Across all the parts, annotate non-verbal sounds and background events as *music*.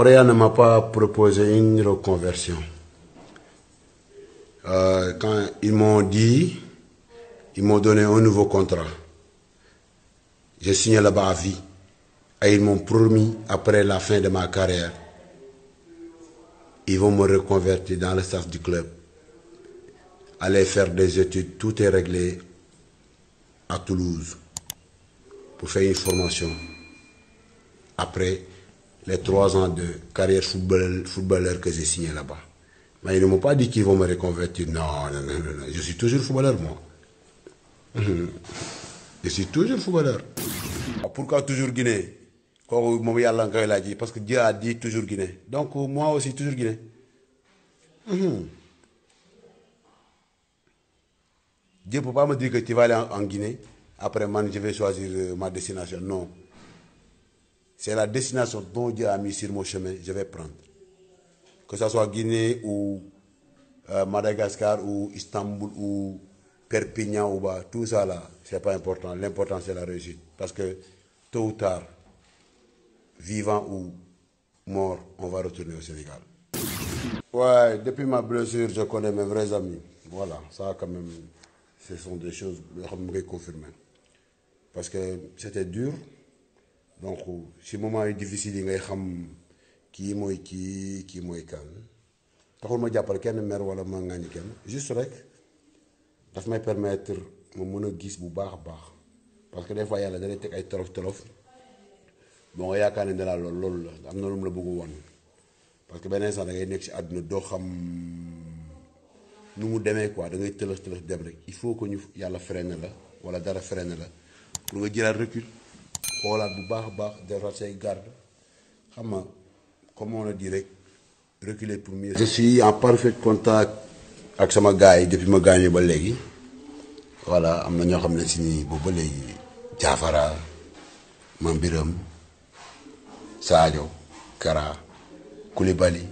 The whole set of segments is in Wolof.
Orea ne m'a pas proposé une reconversion. Euh, quand ils m'ont dit, ils m'ont donné un nouveau contrat. J'ai signé là-bas à vie. Et ils m'ont promis, après la fin de ma carrière, ils vont me reconvertir dans le staff du club. Aller faire des études, tout est réglé à Toulouse pour faire une formation. Après, les trois ans de carrière football, footballeur que j'ai signé là-bas. Mais ils ne m'ont pas dit qu'ils vont me reconvertir. Non, non, non, non, je suis toujours footballeur, moi. *laughs* je suis toujours footballeur. Pourquoi toujours Guinée Parce que Dieu a dit toujours Guinée. Donc moi aussi, toujours Guinée. Dieu ne peut pas me dire que tu vas aller en, en Guinée, après moi je vais choisir euh, ma destination. Non. C'est la destination dont Dieu a mis sur mon chemin, je vais prendre. Que ce soit Guinée ou euh, Madagascar ou Istanbul ou Perpignan ou bas, tout ça là, n'est pas important. L'important c'est la réussite. Parce que tôt ou tard, vivant ou mort, on va retourner au Sénégal. Ouais, depuis ma blessure, je connais mes vrais amis. Voilà, ça quand même, ce sont des choses que je confirmer. Parce que c'était dur, donc si moment yu difficile yi ngay xam kii mooy kii kii mooy kan taxul ma jàppale kenn mer wala ma ŋàññi kenn juste rek daf may permettre ma mën a gis bu baax baax parce que des fois yàlla dalay teg ay torof torof bon nga yaakaar ne dalaa lool loolu la am na lu mu la bëgg woon parce que benn instant da ngay nekk ci àdduna doo xam nu mu demee quoi da ngay tëlëx tëlëx dem rek il faut que ñu yàlla freiné la wala dara freiné la pour nga jëlaat recul xoolaat bu baax a baax defaraat say garde xam nga comme on le dit rek reculer pour mieux. je suis en parfait contact avec sama gars depuis ma gaañu ba léegi voilà am na ñoo xam ne si boobu ba léegi jaafara Kara Koulibaly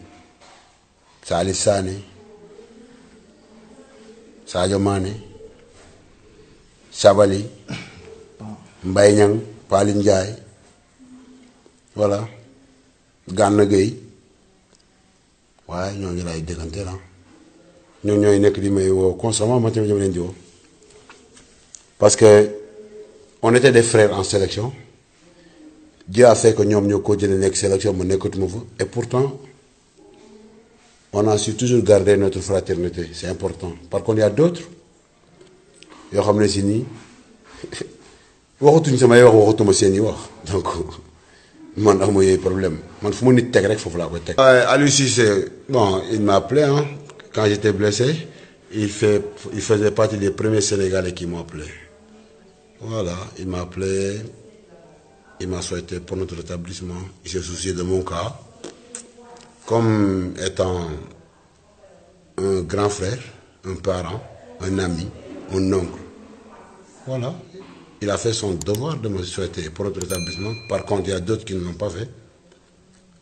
Salif Sané Sadio Mané Sabali mbay Paali Njaay voilà Gànna Oui, nous nous avons déggante la Nous avons nekk di may est constamment ma matière parce que on était des frères en sélection Dieu a fait que nous, nous ko jëlee nekk sélection ma nekkatuma et pourtant on a toujours gardé notre fraternité c'est important par contre il y a d'autres yoo xam si *laughs* il m'a appelé hein. quand j'étais blessé il fait il faisait partie des premiers Sénégalais qui m'ont appelé voilà il m'a appelé il m'a souhaité pour notre rétablissement il s'est soucié de mon cas comme étant un grand frère un parent un ami un oncle voilà il a fait son devoir de me souhaiter pour notre établissement. Par contre, il y a d'autres qui ne l'ont pas fait.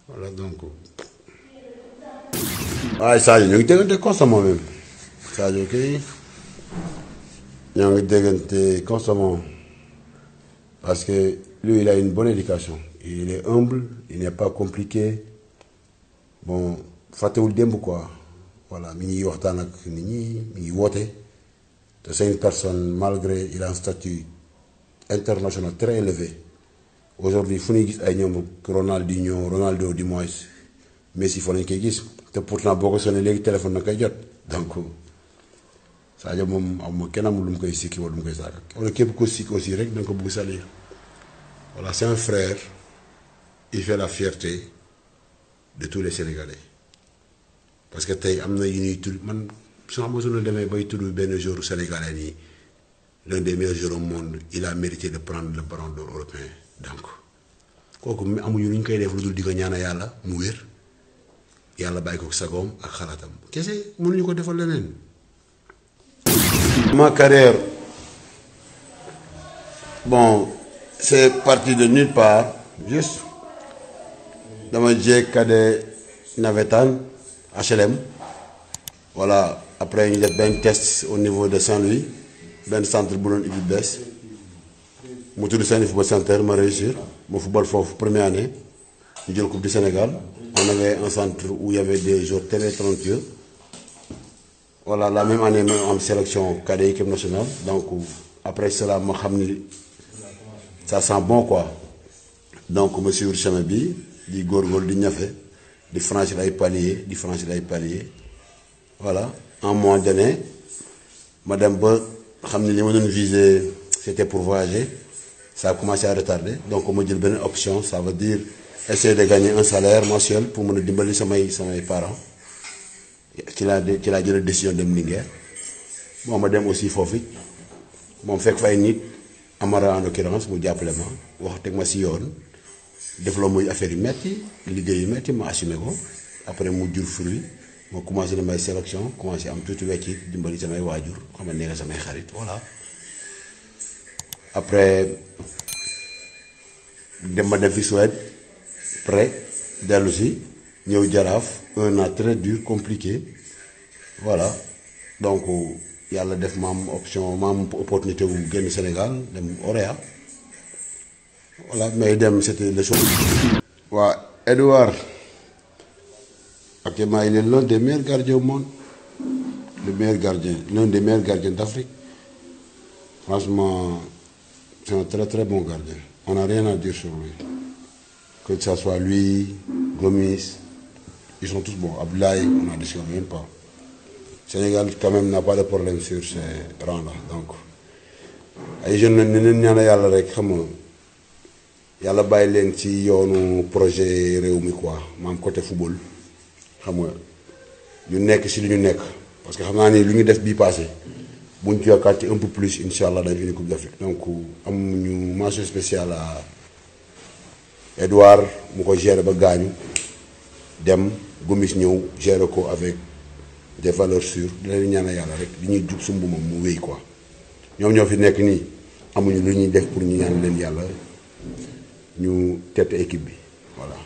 Voilà donc. il Sadio de ngi déggante moi même Sadio Il ñoo des constamment parce que lui il a une bonne éducation il est humble il n'est pas compliqué bon faut le quoi voilà Mini ngi waxtaan mini nit ñi mi c'est une personne malgré il a un statut international très élevé aujourd'hui fu ñuy gis ay Ronaldinho Ronaldo du Messi foo lañ koy gis te pourtant boo ko sonnee léegi téléphone na jot donc ça, moom amuma kenn amul lu mu koy sikki wala lu mu koy saaga wala képp ko aussi rek da nga bëgg salir voilà c'est un frère il fait la fierté de tous les Sénégalais parce que tey am na yu ñuy tudd man sans besoin demee bay tudd benn jour sénégalais l'un des meilleurs joueurs au monde il a mérité de prendre le ballon d'or européen donc kooku amuñu lu ñu koy def lu dul di ko ñaana yàlla mu wér yàlla bàyyi ko sagoom ak xalaatam kese mënuñu ko defal leneen. ma carrière bon c'est parti de nulle part juste dama jéeg cadet navetan HLM voilà après ñu def un test au niveau de Saint-Louis ben centre bu Boulogne ubbi bees mu tudd saint football centre ma réussir ma football foofu première année ñu jël coupe du Sénégal on avait un centre où il y avait des joueurs télé 32 voilà la même année même en sélection cadet équipe nationale donc après cela ma xam ça sent bon quoi donc monsieur suivre chemin bi di góorgóorlu di ñafé di franchir ay paliers di franchir ay paliers voilà en mois donné ma dem ba xam ne li ma doon c'était pour voyager ça a commencé à retarder donc ma jël beneen option ça veut dire essayer de gagner un salaire moi seul pour mën a dimbali samay samay parents ci laa ci laa jël décision dem Linguère moom ma dem aussi foofu moom fekk fay nit Amara en l'occurrence mu jàppale ma wax teg ma si yoon def muy affaire yu metti liggéey yu metti ma assumé ko après mu jur fruit ma commencé di may sélection commencé am tuuti wecc dimbali samay waajur xam nga nekk samay xarit voilà après dem ma def fi Suède prêt dellu si ñëw jaraaf un an très dur compliqué voilà donc yàlla def ma am option ma am opportunité wu génn Sénégal dem Orea voilà mais dem c'était le choix. Voilà, Edouard. Actuellement, il est l'un des meilleurs gardiens au monde. Le meilleur gardien, l'un des meilleurs gardiens d'Afrique. Franchement, c'est un très très bon gardien. On n'a rien à dire sur lui. Que ce soit lui, Gomis, ils sont tous bons. Ablaï, on n'en dire même pas. Le Sénégal, quand même, n'a pas de problème sur ces rangs-là. Donc, y ne leen pas rek a projet même quoi côté football xam nga ñu nekk si li ñu nekk parce que xam naa ni li ñu def bii passé buñ ci yokkaat ci un peu plus incha allah dañu indi coupe d'Afrique donc am ñu mention spéciale à Edouard mu ko gérer ba gaañu dem gumis ñëw gérer ko avec des valeurs sûres dinañ leen ñaanal yàlla rek li ñuy jug sumb moom mu wéy quoi ñoom ñoo fi nekk nii amuñu lu ñuy def pour ñu ñaan leen yàlla ñu tette équipe bi voilà.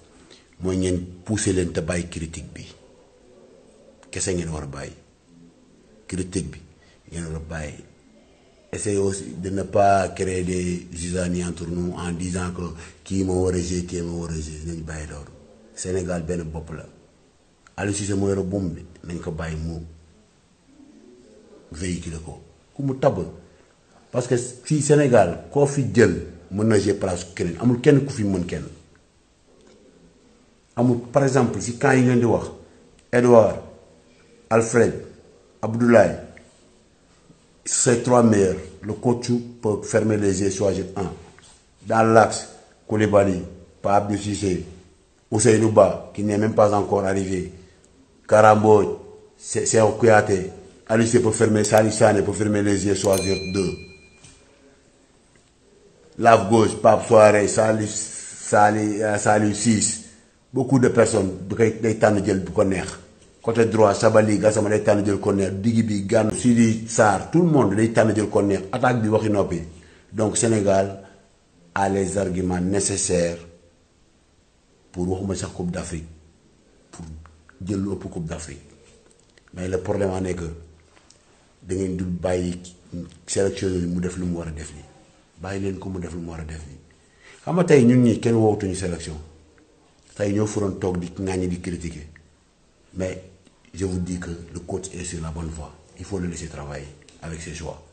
mooy ngeen pousser leen te critique bi kese ngeen war a critique bi ngeen war a essayer aussi de ne pas créer des zizanie entre nous en disant que qui moo rejeté, a gérer kii moo war a Sénégal ben bop la Aliou ci moo yor buum bi nañ ko bàyyi Veille véhiculer ko ku mu tab parce que si Sénégal ko fi jël mën na gérer place keneen amul kenn ku fi mën kenn par exemple si quand il y de Edouard Alfred Abdoulaye ces trois meilleurs le coach peut fermer les yeux choisir un dans l'axe Koulibaly Pape de Cissé Ousseynou qui n'est même pas encore arrivé Karambod c'est Okuyate. Alice peut fermer Salissane pour peut fermer les yeux choisir deux Lave gauche Pape Soare, Salif euh, Salif beaucoup de personnes da koy day tànn jël bu ko neex côté droit Sabali Gassama day tànn djel ko neex bi Gana Sidi sar tout le monde day tànn djel ko neex attaque bi waxi nopi donc Sénégal a les arguments nécessaires pour waxuma sax Coupe d'Afrique pour jël lu Coupe d'Afrique mais le problème en est que da ngeen dul bàyyi sélection mu def lu mu war def ni bàyyi len ko mu def lu mu a def ni xam nga ñun ñi kenn woowatuñu sélection de critiquer mais je vous dis que le coach est sur la bonne voie il faut le laisser travailler avec ses joies.